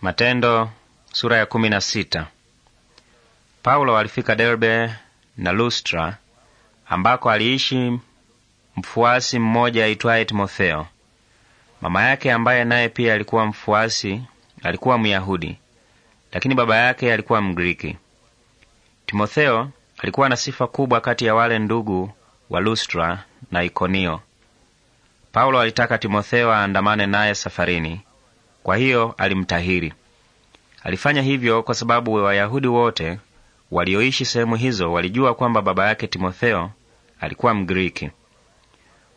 Matendo sura ya kumi na sita. Paulo alifika Derbe na Lustra ambako aliishi mfuasi mmoja aitwaye Timotheo. Mama yake ambaye naye pia alikuwa mfuasi alikuwa Myahudi, lakini baba yake alikuwa Mgiriki. Timotheo alikuwa na sifa kubwa kati ya wale ndugu wa Lustra na Ikonio. Paulo alitaka Timotheo aandamane naye safarini kwa hiyo alimtahiri. Alifanya hivyo kwa sababu Wayahudi wote walioishi sehemu hizo walijua kwamba baba yake Timotheo alikuwa Mgiriki.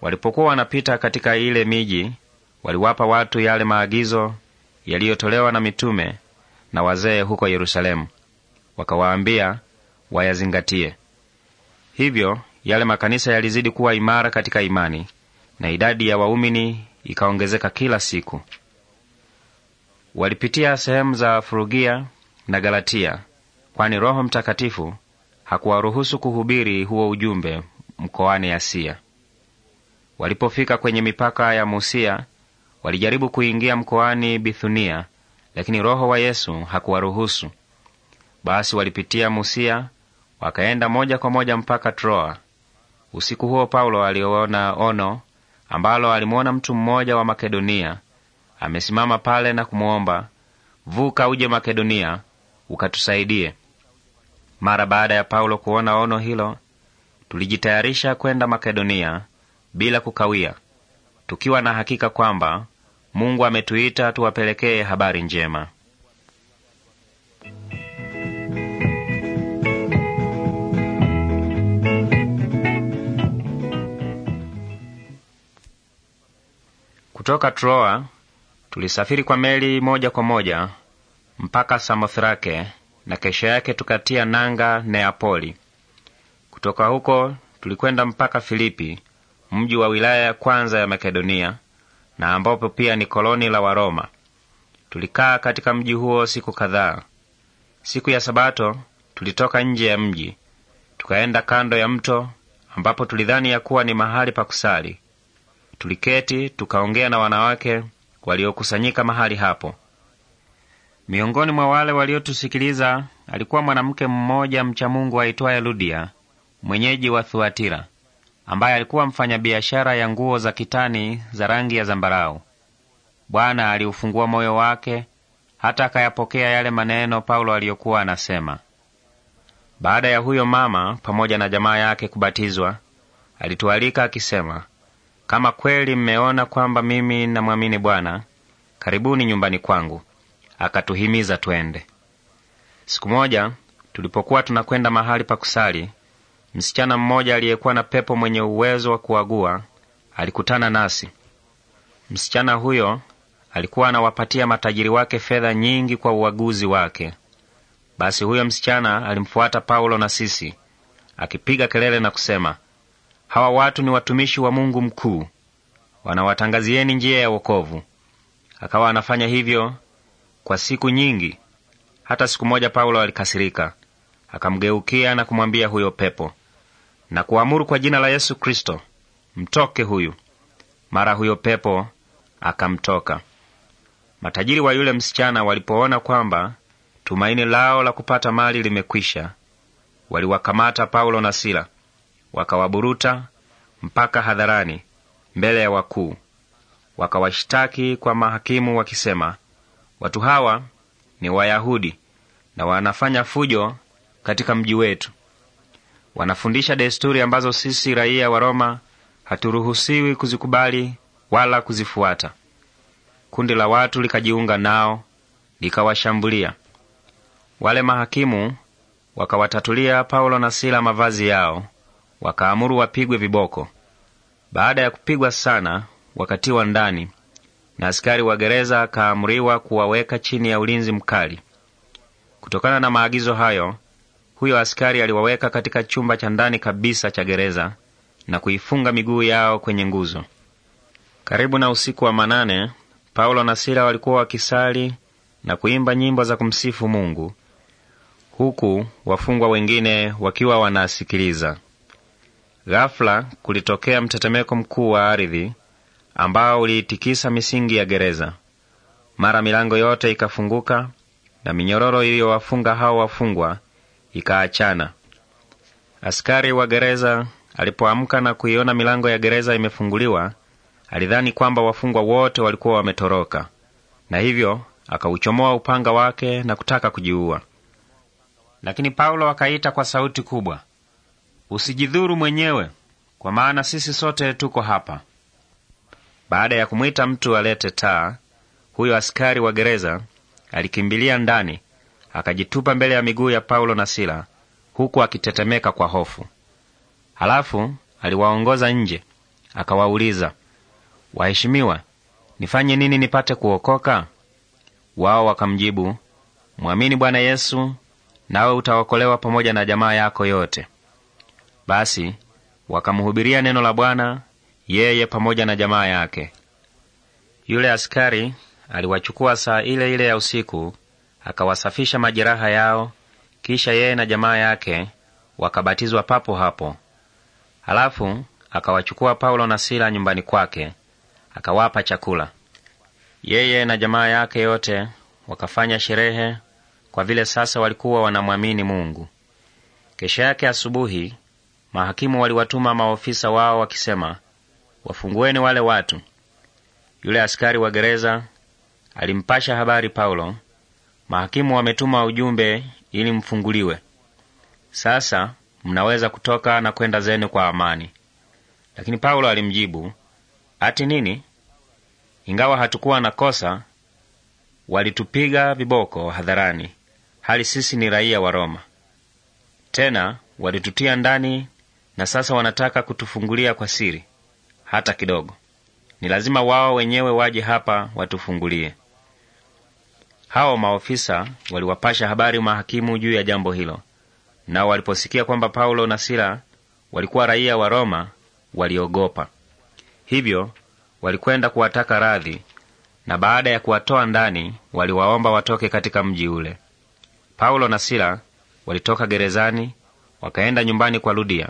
Walipokuwa wanapita katika ile miji, waliwapa watu yale maagizo yaliyotolewa na mitume na wazee huko Yerusalemu, wakawaambia wayazingatie. Hivyo yale makanisa yalizidi kuwa imara katika imani na idadi ya waumini ikaongezeka kila siku. Walipitia sehemu za Frugia na Galatia, kwani Roho Mtakatifu hakuwaruhusu kuhubiri huo ujumbe mkoani Asia. Walipofika kwenye mipaka ya Musia, walijaribu kuingia mkoani Bithunia, lakini Roho wa Yesu hakuwaruhusu. Basi walipitia Musia wakaenda moja kwa moja mpaka Troa. Usiku huo Paulo aliona ono ambalo alimuona mtu mmoja wa Makedonia amesimama pale na kumwomba, vuka uje Makedonia ukatusaidie. Mara baada ya Paulo kuona ono hilo, tulijitayarisha kwenda Makedonia bila kukawia, tukiwa na hakika kwamba Mungu ametuita tuwapelekee habari njema. Kutoka Troa Tulisafiri kwa meli moja kwa moja mpaka Samothrake na kesho yake tukatia nanga Neapoli. Kutoka huko tulikwenda mpaka Filipi, mji wa wilaya ya kwanza ya Makedonia na ambapo pia ni koloni la Waroma. Tulikaa katika mji huo siku kadhaa. Siku ya Sabato tulitoka nje ya mji tukaenda kando ya mto, ambapo tulidhani ya kuwa ni mahali pa kusali. Tuliketi tukaongea na wanawake waliokusanyika mahali hapo. Miongoni mwa wale waliotusikiliza alikuwa mwanamke mmoja mcha Mungu aitwaye Ludia, mwenyeji wa Thuatira, ambaye alikuwa mfanyabiashara ya nguo za kitani za rangi ya zambarau. Bwana aliufungua moyo wake hata akayapokea yale maneno Paulo aliyokuwa anasema. Baada ya huyo mama pamoja na jamaa yake kubatizwa, alitualika akisema, kama kweli mmeona kwamba mimi namwamini Bwana, karibuni nyumbani kwangu. Akatuhimiza twende. Siku moja tulipokuwa tunakwenda mahali pa kusali, msichana mmoja aliyekuwa na pepo mwenye uwezo wa kuagua alikutana nasi. Msichana huyo alikuwa anawapatia matajiri wake fedha nyingi kwa uaguzi wake. Basi huyo msichana alimfuata Paulo na sisi akipiga kelele na kusema, Hawa watu ni watumishi wa Mungu mkuu, wanawatangazieni njia ya wokovu. Akawa anafanya hivyo kwa siku nyingi. Hata siku moja Paulo alikasirika, akamgeukia na kumwambia huyo pepo, na kuamuru kwa jina la Yesu Kristo, mtoke huyu. Mara huyo pepo akamtoka. Matajiri wa yule msichana walipoona kwamba tumaini lao la kupata mali limekwisha, waliwakamata Paulo na Sila wakawaburuta mpaka hadharani mbele ya wakuu, wakawashtaki kwa mahakimu wakisema, watu hawa ni Wayahudi na wanafanya fujo katika mji wetu. Wanafundisha desturi ambazo sisi raia wa Roma haturuhusiwi kuzikubali wala kuzifuata. Kundi la watu likajiunga nao likawashambulia. Wale mahakimu wakawatatulia Paulo na Sila mavazi yao wakaamuru wapigwe viboko. Baada ya kupigwa sana, wakatiwa ndani, na askari wa gereza akaamriwa kuwaweka chini ya ulinzi mkali. Kutokana na maagizo hayo, huyo askari aliwaweka katika chumba cha ndani kabisa cha gereza na kuifunga miguu yao kwenye nguzo. Karibu na usiku wa manane, Paulo na Sila walikuwa wakisali na kuimba nyimbo za kumsifu Mungu, huku wafungwa wengine wakiwa wanasikiliza. Ghafla kulitokea mtetemeko mkuu wa ardhi ambao uliitikisa misingi ya gereza. Mara milango yote ikafunguka na minyororo iliyowafunga hao wafungwa ikaachana. Askari wa gereza alipoamka na kuiona milango ya gereza imefunguliwa, alidhani kwamba wafungwa wote walikuwa wametoroka, na hivyo akauchomoa upanga wake na kutaka kujiua. Lakini Paulo akaita kwa sauti kubwa, Usijidhuru mwenyewe, kwa maana sisi sote tuko hapa. Baada ya kumwita mtu alete taa, huyo askari wa gereza alikimbilia ndani, akajitupa mbele ya miguu ya Paulo na Sila huku akitetemeka kwa hofu. Halafu aliwaongoza nje, akawauliza, Waheshimiwa, nifanye nini nipate kuokoka? Wao wakamjibu, Mwamini Bwana Yesu nawe utaokolewa pamoja na jamaa yako yote. Basi wakamhubiria neno la Bwana yeye pamoja na jamaa yake. Yule askari aliwachukua saa ile ile ya usiku, akawasafisha majeraha yao, kisha yeye na jamaa yake wakabatizwa papo hapo. Halafu akawachukua Paulo na Sila nyumbani kwake, akawapa chakula. Yeye na jamaa yake yote wakafanya sherehe, kwa vile sasa walikuwa wanamwamini Mungu. Kesha yake asubuhi Mahakimu waliwatuma maofisa wao wakisema, wafungueni wale watu. Yule askari wa gereza alimpasha habari Paulo, mahakimu wametuma ujumbe ili mfunguliwe. Sasa mnaweza kutoka na kwenda zenu kwa amani. Lakini Paulo alimjibu, ati nini? Ingawa hatukuwa na kosa, walitupiga viboko hadharani, hali sisi ni raia wa Roma. Tena walitutia ndani na sasa wanataka kutufungulia kwa siri hata kidogo. Ni lazima wao wenyewe waje hapa watufungulie. Hao maofisa waliwapasha habari mahakimu juu ya jambo hilo, nao waliposikia kwamba Paulo na Sila walikuwa raia wa Roma waliogopa. Hivyo walikwenda kuwataka radhi, na baada ya kuwatoa ndani waliwaomba watoke katika mji ule. Paulo na Sila walitoka gerezani wakaenda nyumbani kwa Ludia.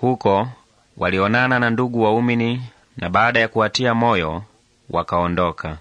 Huko walionana na ndugu waumini na baada ya kuwatia moyo wakaondoka.